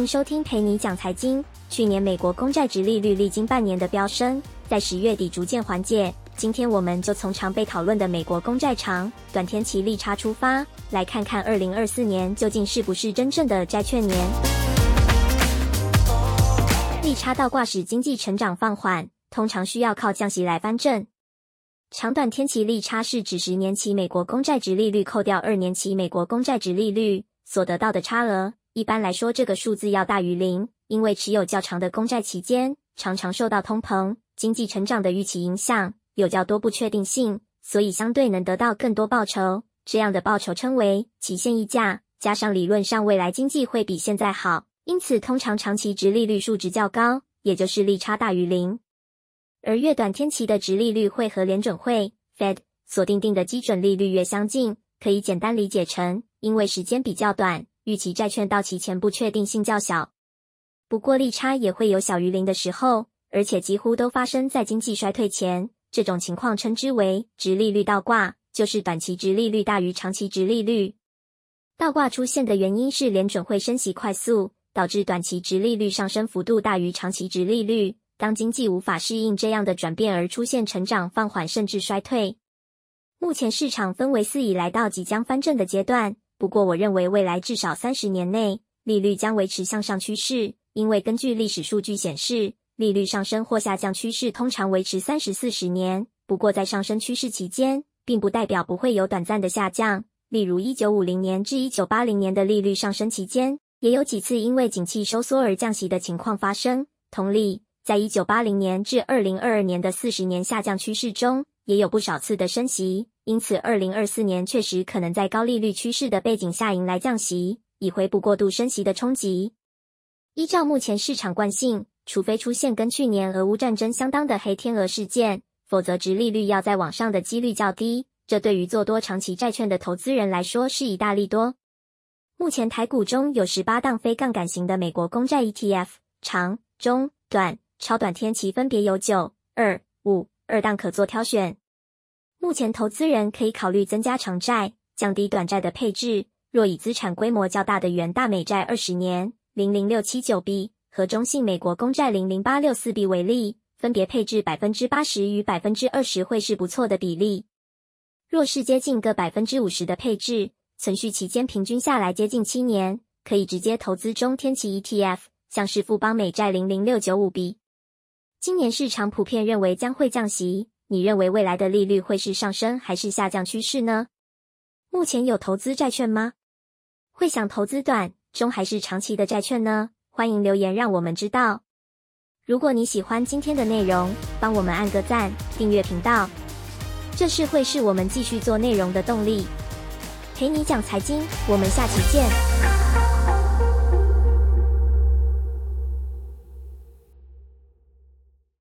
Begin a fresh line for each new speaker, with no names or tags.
歡迎收聽裴妮講財經。去年美國公債殖利率歷經半年的飆升，在十月底逐漸緩解。今天我們就從常被討論的美國公債長短天期利差出發，來看看二零二四年究竟是不是真正的債券年？利差倒掛使經濟成長放緩，通常需要靠降息來翻正。長短天期利差是指十年期美國公債殖利率扣掉二年期美國公債殖利率所得到的差額。一般來說，這個數字要大於零，因為持有較長的公債期間，常常受到通膨、經濟成長的預期影響，有較多不確定性，所以相對能得到更多報酬。這樣的報酬稱為期限溢價。加上理論上未來經濟會比現在好，因此通常長期殖利率數值較高，也就是利差大於零。而越短天期的殖利率會和聯準會 （Fed） 所定定的基準利率越相近，可以簡單理解成因為時間比較短。預期債券到期前不確定性較小，不過利差也會有小於零的時候，而且幾乎都發生在經濟衰退前。這種情況稱之為“殖利率倒掛”，就是短期殖利率大於長期殖利率。倒掛出現的原因是聯準會升息快速，導致短期殖利率上升幅度大於長期殖利率。當經濟無法適應這樣的轉變而出現成長放緩甚至衰退。目前市場氛圍似已來到即將翻正的階段。不過，我認為未來至少三十年內利率將維持向上趨勢，因為根據歷史數據顯示，利率上升或下降趨勢通常維持三十四十年。不過，在上升趨勢期間，並不代表不會有短暫的下降。例如，一九五零年至一九八零年的利率上升期間，也有幾次因為景氣收縮而降息的情況發生。同理，在一九八零年至二零二二年的四十年下降趨勢中，也有不少次的升息。因此，二零二四年確實可能在高利率趨勢的背景下迎來降息，以回補過度升息的衝擊。依照目前市場慣性，除非出現跟去年俄烏戰爭相當的黑天鵝事件，否則殖利率要再往上的幾率較低。這對於做多長期債券的投資人來說是一大利多。目前台股中有十八檔非槓桿型的美國公債 ETF，長、中、短、超短天期分別有九、二、五、二檔可做挑選。目前投資人可以考慮增加長債、降低短債的配置。若以資產規模較大的元大美債二十年零零六七九 B 和中信美國公債零零八六四 B 為例，分別配置百分之八十與百分之二十會是不錯的比例。若是接近各百分之五十的配置，存續期間平均下來接近七年，可以直接投資中天期 ETF，像是富邦美債零零六九五 B。今年市場普遍認為將會降息。你認為未來的利率會是上升還是下降趨勢呢？目前有投資債券嗎？會想投資短、中還是長期的債券呢？歡迎留言讓我們知道。如果你喜歡今天的內容，幫我們按個讚，訂閱頻道。這是會是我們繼續做內容的動力。裴妮講財經，我們下期見。